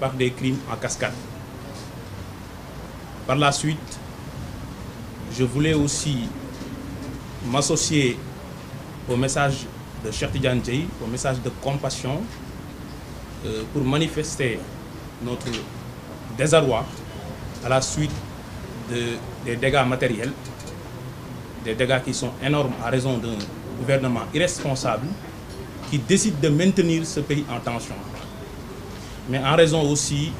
par des crimes en cascade. Par la suite, je voulais aussi m'associer au message de Cheikh Djei... au message de compassion, euh, pour manifester notre désarroi à la suite des dégâts matériels, des dégâts qui sont énormes à raison d'un gouvernement irresponsable qui décide de maintenir ce pays en tension mais en raison aussi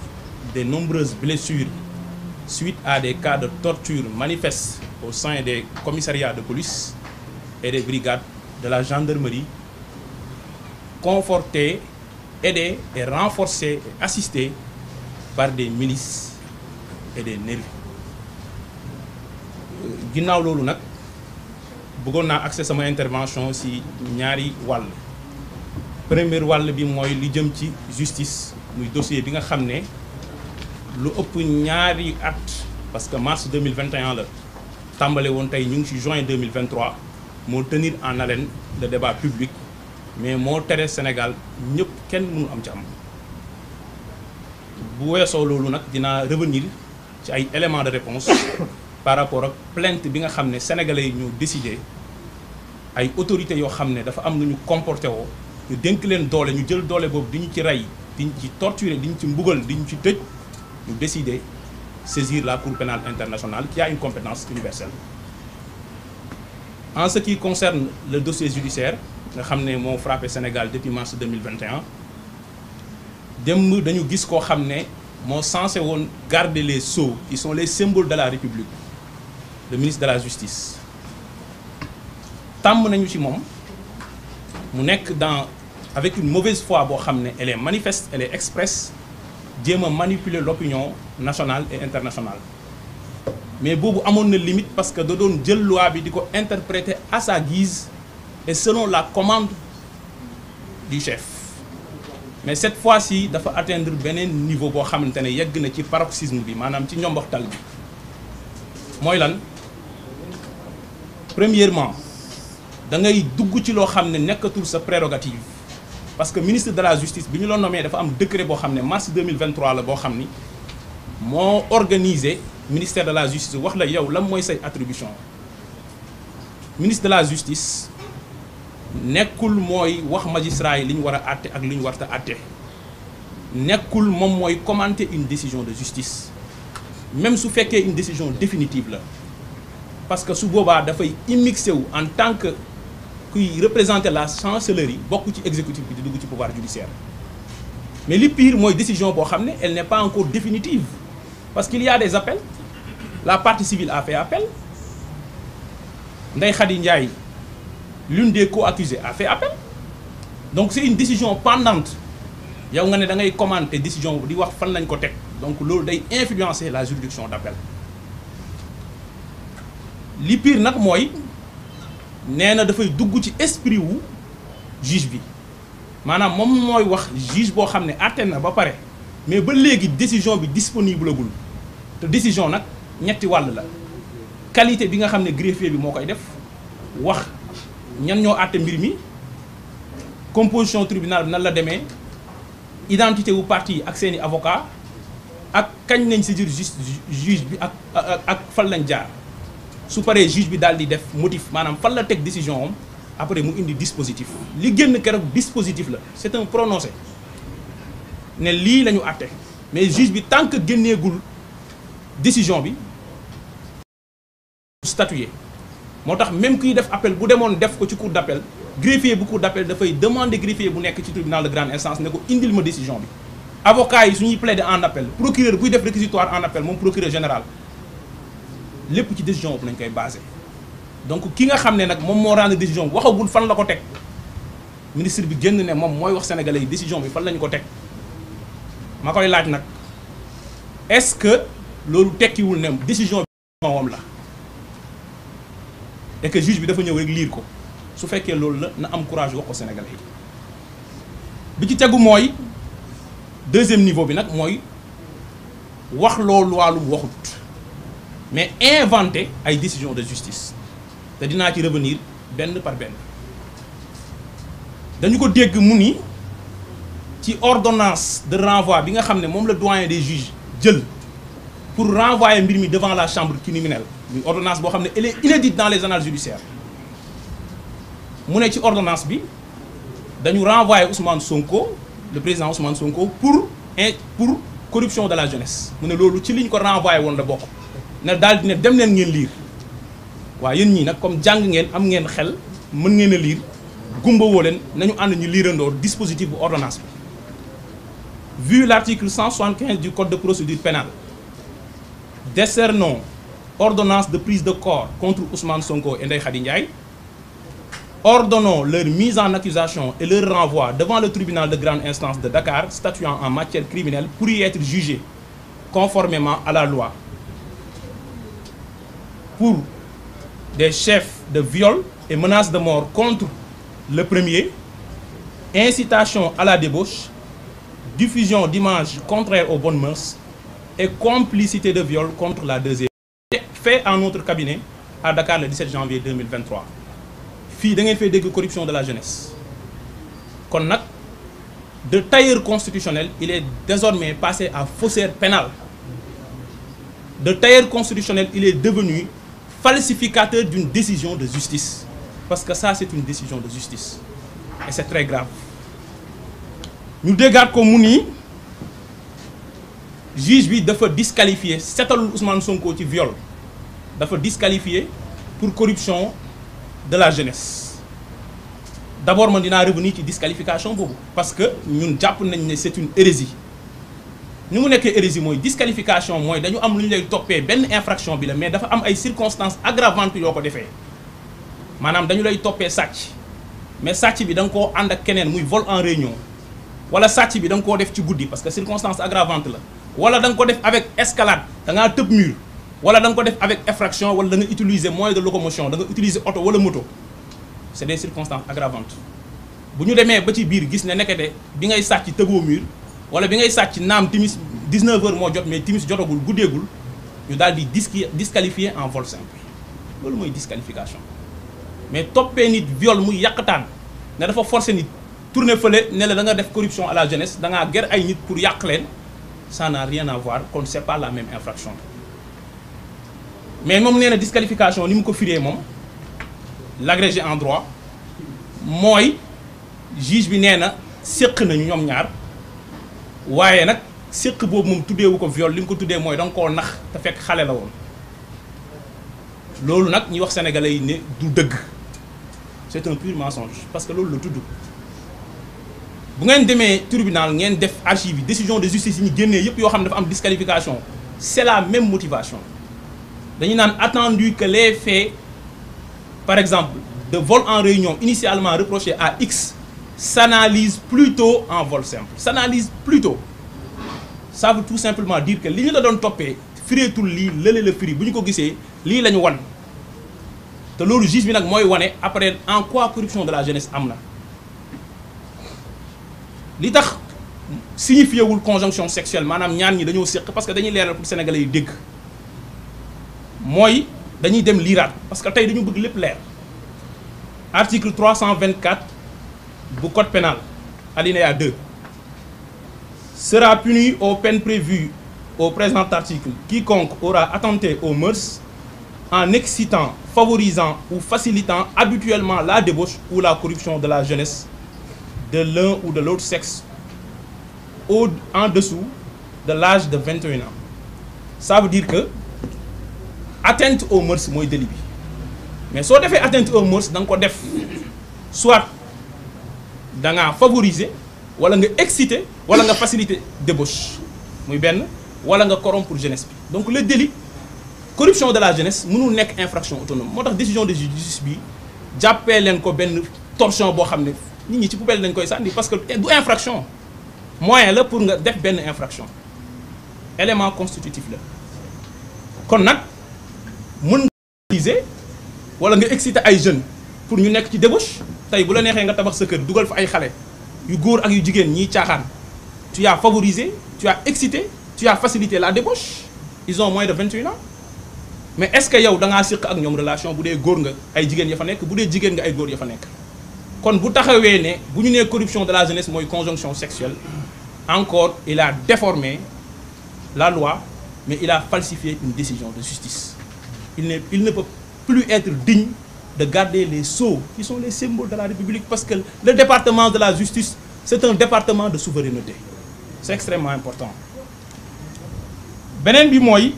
des nombreuses blessures suite à des cas de torture manifestes au sein des commissariats de police et des brigades de la gendarmerie, confortés, aidés et renforcés et assistés par des milices et des nervis. Euh, intervention aussi ñaari premier roi bi moy li jëm ci justice muy dossier bi nga xamné lu ëpp ñaari at parce que mars 2021 la Tambalé won tay ñu ngi ci juin 2023 mo tenir en haleine le débat public mais mo tere Sénégal ñëpp kenn mënu am ci am bu weesoo lolu nak dina revenir ci ay éléments de réponse par rapport ak plainte bi nga xamné sénégalais ñu décider. décidé ay autorités yo xamné dafa am nu ñu comporté woo nous dénk leen doole ñu jël ci ci torturer ci saisir la Cour pénale internationale qui a une compétence universelle. En ce qui concerne le dossier judiciaire nga xam ne moo frappé Sénégal depuis mars 2021 Nous dañu gis koo xam censé garder les sceaux qui sont les symboles de la République le ministre de la Justice tàmm nañu ci moom mu nekk dans avec une mauvaise foi elle est manifeste elle est expresse Dieu manipuler l'opinion nationale et internationale mais y a une limite parce que da a jël loi bi à sa guise et selon la commande du chef mais cette fois-ci il faut atteindre le niveau de xamante ne yegg ci paroxysme bi maanaam ci njomboxtal premièrement il ngay dugg ci loo xam sa prérogative parce que ministre de la justice bi ñu la nommé dafa am décret bo xamné mars 2023 la bo organisé, mo ministère de la justice wax la yow lam moy say attribution ministre de la justice nekkul moy wax magistrat yi li ñu a ak liñ warta atté nekkul mom moy commenter une décision de justice même su que une décision définitive la parce que su boobaa dafay immixé wu en tant que qui représentait la chancellerie beaucoup d'exécutifs qui bi pouvoir judiciaire mais le pire moi, décision elle n'est pas encore définitive parce qu'il y a des appels la partie civile a fait appel Ndeye l'une des co-accusés a fait appel donc c'est une décision pendante Il y a da ngay commenter décision di wax fan lañ ko donc loolu a influencé la juridiction d'appel Le pire c'est néna da fay dugg ci esprit wu juge bi manam mom moy wax juge bo xamné ne na ba paré mais ba légui décision bi disponible gul té décision nak ñetti wàll la qualité bi nga xamné greffier bi mokay def wax ñan ño àtte mbir mi composition tribunal bi nan la identité wu parti ak seeni avocat ak kañ nañ saisir juge bi ak ak fal lañ jaar su paree juge bi daal di def motif maanaam fan la teg décision am après mu indi dispositif li génn keroog dispositif la c'est un prononcé ne lii la ñu àtte mais juge bi tant que génneegul décision bi statuer moo tax même kuy def appel bu demoon def ko ci cour d'appel greffier bu cour d'appel dafay demander greffier bu nekk ci tribunal de grande instance ne ko indil ma décision bi avocat yi suñuy plaider en appel procureur buy def réquisitoire en appel moom procureur général lepp ci décision boobu lañ koy baser donc ki nga xamné nak mom mo moo rendre décision waxagul fan la ko tek ministre bi génn ne moom mooy wax sénégalais yi décision bi fan lañ ko tek ma koy laaj nak est-ce que lolu tekki wul né décision bi mom la et que juge bi dafa ñëw rek lire ko su fekkee lolu la na am courage wax ko sénégalais yi bi ci tegu moy deuxième niveau bi nak moy wax loolu wàllu waxut mais inventé une décision de justice C'est-à-dire qu'il ci revenir ben par ben. dañu ko dégg mu ordonnance de renvoi bi nga doyen des juges pour renvoyer Mirmi devant la chambre criminelle Une ordonnance elle est inédite dans les annales judiciaires Nous avons ci ordonnance bi dañu renvoyer Ousmane Sonko le président Ousmane Sonko pour pour corruption de la jeunesse Nous lolu ci liñ ko renvoyer won la bokk ne dem lire, ngeen comme jang ngeen am dispositif ordonnance vu l'article 175 du code de procédure pénale décernons ordonnance de prise de corps contre Ousmane Sonko et Ndeye Khady ordonnons leur mise en accusation et leur renvoi devant le tribunal de grande instance de Dakar statuant en matière criminelle pour y être jugé conformément à la loi pour des chefs de viol et menaces de mort contre le premier, incitation à la débauche, diffusion d'images contraires aux bonnes mœurs et complicité de viol contre la deuxième. Fait en notre cabinet à Dakar le 17 janvier 2023. fille da ngeen corruption de la jeunesse de tailleur constitutionnel il est désormais passé à faussaire pénal de tailleur constitutionnel il est devenu falsificateur d'une décision de justice. Parce que ça, c'est une décision de justice. Et c'est très grave. Nous déggaat ko mu juge juge bi dafa disqualifier seetalul Ousmane Sonko ci viol dafa disqualifier pour corruption de la jeunesse d'abord Je dinaa revenir la disqualification parce que c'est une hérésie nous mu une hérésie disqualification nous dañu am avons infraction mais nous avons des circonstances aggravantes Madame, nous avons dañu lay mais bi en réunion parce que circonstance aggravante avec escalade da un un mur wala avec de locomotion da nga utiliser ou moto c'est des circonstances aggravantes avons nous mur wala bi ngay sàcc naam timis 19 heures moo jot mais timis jotagul guddeegul ñu daal di disqualifié en vol simple loolu mooy disqualification mais toppee nit viol muy yàqtaan ne dafa forcer nit tourner fële ne la da nga def corruption à la jeunesse da ngaa ger ay nit pour yàq leen ça n'a rien à voir kon c'est pas la même infraction mais moom nee na disqualification ni mu ko firee moom l'agrégé en droit mooy juge bi nee na séq nañu ñoom ñaar waaye nag séq boobu moom tuddeewu ko viol li nga ko tuddee mooy danga koo nax te fekk xale la woon loolu nag ñuy wax sénégalais yi ne du dëgg c'est un pur mensonge parce que loolu la tudd bu ngeen demee tribunal ngeen def archive yi décision de justice yi ñu génnee yëpp yoo xam dafa am disqualification c'est la même motivation dañuy naan attendu que les faits par exemple de vol en réunion initialement reproché à X s'analyse plutôt en vol simple s'analyse plutôt ça veut tout simplement dire que li avons la c'est que nous tout le fri, ko de wan te après en quoi corruption de la jeunesse amna. li tax signifie conjonction sexuelle maanaam ñaan cirque parce que dañuy leeral pour sénégalais yi dañuy dem parce que dañu bëgg article 324 du code pénal alinéa 2 sera puni aux peines prévues au présent article quiconque aura attenté aux mœurs en excitant, favorisant ou facilitant habituellement la débauche ou la corruption de la jeunesse de l'un ou de l'autre sexe au, en dessous de l'âge de 21 ans. Ça veut dire que atteinte aux mœurs moi délit mais soit fait atteinte aux mœurs donc soit da la favoriser wala nga exciter wala nga faciliter débauche muy ben wala nga corrompre jeunesse bi donc le délit corruption de la jeunesse n'est nek infraction autonome motax décision de justice bi jappé len ko ben torsion bo xamné nit ñi ci poubelle dañ koy parce que du infraction moyen la pour nga def ben infraction élément constitutif la kon nak mën nga utiliser wala nga exciter ay jeunes pour ñu nek ci débauche tay bu la que nga tabax sa kër dugal fa ay xalé yu góor ak yu jigen tiaxan tu as favorisé tu as excité tu as facilité la débauche ils ont moins de 21 ans mais est-ce que yow da nga sik ak ñom relation bu dee góor nga ay jigen ya fa nek bu dee jigéen nga ay góor ya fa nek kon bu bu ñu corruption de la jeunesse moy conjonction sexuelle encore il a déformé la loi mais il a falsifié une décision de justice il ne il ne peut plus être digne de garder les sceaux qui sont les symboles de la République parce que le département de la justice, c'est un département de souveraineté. C'est extrêmement important. Benen bi mooy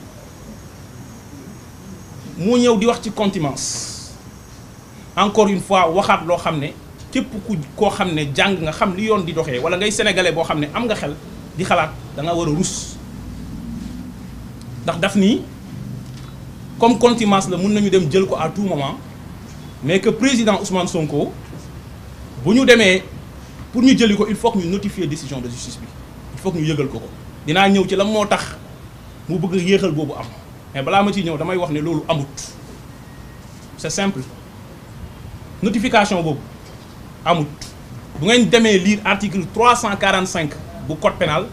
mu ñëw di encore une fois waxaat loo qui beaucoup de ku qui, xam ne jàng nga xam li yoon di doxee wala sénégalais boo xam am nga xel di xalaat da nga war a ndax daf comme Contimance, le mun nañu dem jël ko à tout moment mais que président Ousmane Sonko Pour nous demee pour nous dire il faut que ñu notifier décision de justice il faut que nous yëgal ko Dina dinaa ñëw ci lan moo tax mu bëgg yéxal bobu am mais bala ma ci ñëw damay wax ne lolu amut c'est simple notification bobu amut bu ngeen démé lire article 345 Du code pénal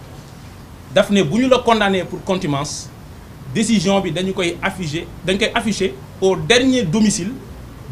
daf né buñu la condamné pour contumace décision bi dañ koy afficher dañ koy afficher au dernier domicile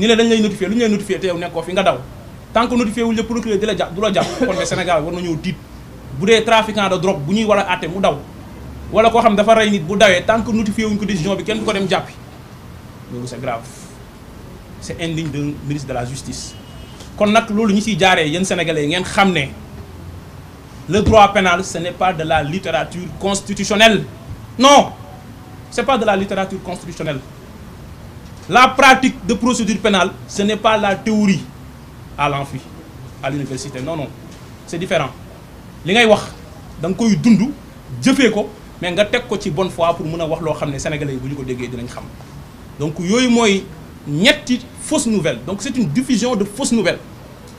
ni la dañ lay notifier lu ñu lay notifier té yow nekkoo fi nga daw tant que notifié wuñ la procureur dila la dula du la jàpp kon ne Sénégal war nañu dit bu trafiquant de drogue bu ñuy war a mu daw wala ko xam dafa ray nit bu dawé tant que notifié wuñ ko décision bi kenn du ko dem jàppi loolu c'est grave c'est indigne de ministre de la justice kon nak lolu ñu ci jaaree yeen sénégalais ngeen xamné le droit pénal ce n'est pas de la littérature constitutionnelle non c'est pas de la littérature constitutionnelle la pratique de procédure pénale, ce n'est pas la théorie à l'amphi, à l'université. Non, non. C'est différent. Ce que tu dis, tu fais, mais tu fait de bonne foi pour pouvoir dire ce que les Sénégalais vont savoir. Donc, c'est ñetti fausse nouvelle donc c'est une diffusion de fausses nouvelles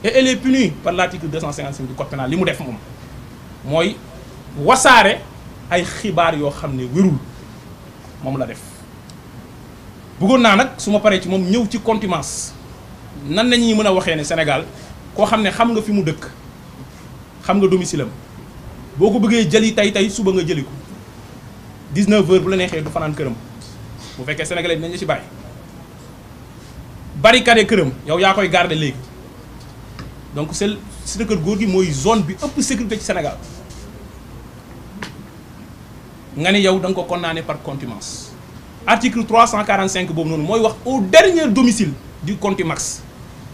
et elle est punie par l'article 255 du code pénal li mu def moom mooy a ay xibaar yoo qui ne wérul la def buggoon naa nag su ma paree ci moom ñëw ci contimence nan la ñuy mën a waxee ne Sénégal koo xam ne xam nga fi mu dëkk xam nga domicile am boo ko bëggee jëli tey tey suba nga jëli ko 19h bu la neexee du fanaan këram bu fekkee sénégalais dinañ la ci bàyyi. barricade këram yow yaa koy garde léegi donc c'est Cité góor gi mooy zone bi ëpp sécurité ci Sénégal nga ne yow da nga ko condamné par contumace. article 345 boobu wax au dernier domicile du contumax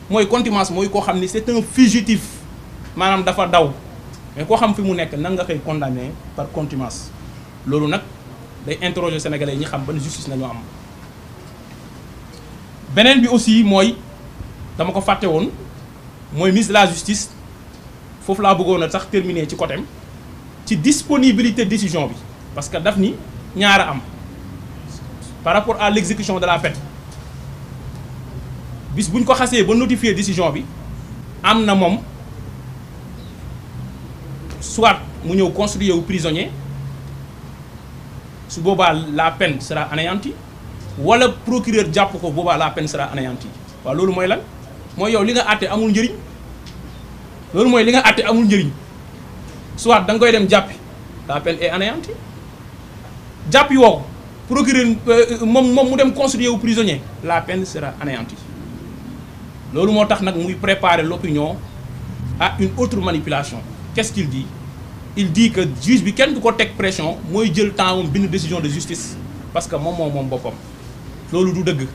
moy contumace mooy koo xam ni c'est un fugitif manam dafa daw mais ko xam fi mu nek nang nga koy condamné par contumace lolu nak day interroger sénégalais ñi xam ban justice nañoo am benen bi aussi moy dama ko faté won moy ministre la justice fofu la bëggona a sax terminer ci côté ci disponibilité décision bi parce que daf ni ñaara am par rapport à l'exécution de la peine bis bu ko xasee ba notifier décision bi amna mom soit mu ñeu construire ou prisonnier su boobaa la peine sera anéantie wala procureur japp ko boobaa la peine sera anéantie wa lolu moy lan moy yow li nga atté amul njëriñ lolu moy li nga atté amul njëriñ soit dang koy dem jàppi la peine est anéantie jàppi woo procureur que euh, moom mu dem constituer prisonnier la peine sera anéantie loolu motax nak muy préparer l'opinion à une autre manipulation qu'est-ce qu'il dit il dit que juge bi kenn du ko pression moy jël temps une une décision de justice parce que ça. mom mom que je du dire.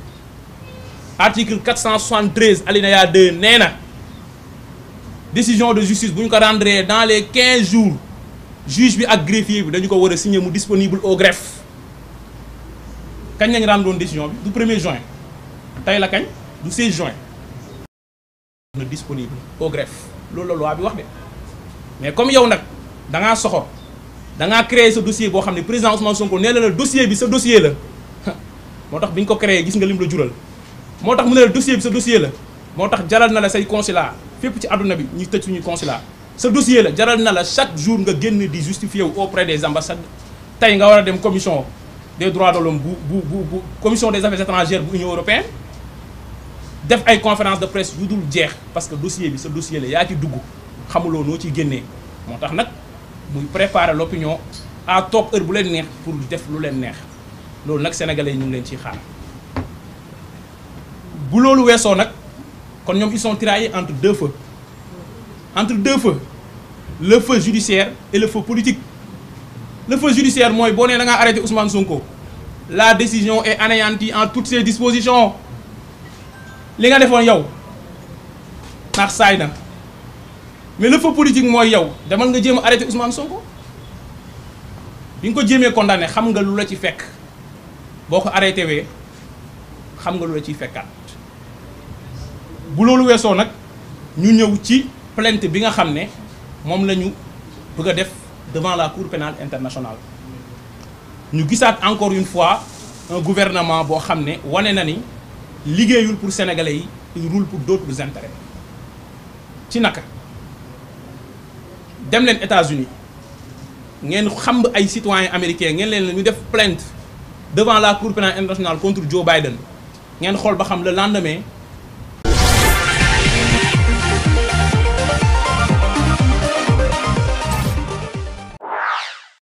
article 473 alinéa 2 Néna. décision de justice si vous ko rendre dans les 15 jours juge bi ak greffier bi dañ ko wara signer mu disponible au greffe kañ lañ rendoon décision du 1er juin tey la kañ du 16 juin. na disponible au greffe loolu la loi bi wax mais comme yow nag da ngaa soxor da ngaa créé ce dossier boo xam ne président Ousmane Sonko nee na le dossier bi sa dossier la moo tax ko créé gis nga lim la jural moo tax mu ne la dossier bi sa dossier la moo tax jaral na la say consulat fépp ci àdduna bi ñu tëj suñuy consulat sa dossier la jaral na chaque jour nga génn di justifier wu auprès des ambassades tey nga war dem commission des droits de l'homme bu bu bu commission des affaires étrangères de union européenne def ay conférence de presse vous parce que dossier bi dossier là yaa ci dugg xamuloo noo ciy génnee moo tax nag muy préparer l'opinion à top heure bu leen pour def lu leen neex loolu sénégalais yi ñu ngi leen ciy xaar bu loolu kon ils sont tiraillés entre deux feux entre deux feux le feu judiciaire et le feu politique le feu judiciaire mooy bon nee da arrêté Ousmane Sonko la décision est anéantie en toutes ses dispositions Les nga defoon yow ndax saay mais le feu politique moi yow demal nga jéem a arrêté Ousmane Sonko bi nga ko condamné xam nga lu ci fekk boo arrêté wee xam nga lu la ciy fekkaat bu loolu weesoo nag ñu ñëw ci plainte bi nga xam ne moom la a def devant la Cour pénale internationale Nous avons encore une fois un gouvernement qui a dit que na ni pour pour sénégalais yi il roule pour d'autres intérêts ci naka dem les États-Unis nous xam les citoyens américains qui leen ñu plainte devant la Cour pénale internationale contre Joe Biden Vous xool le lendemain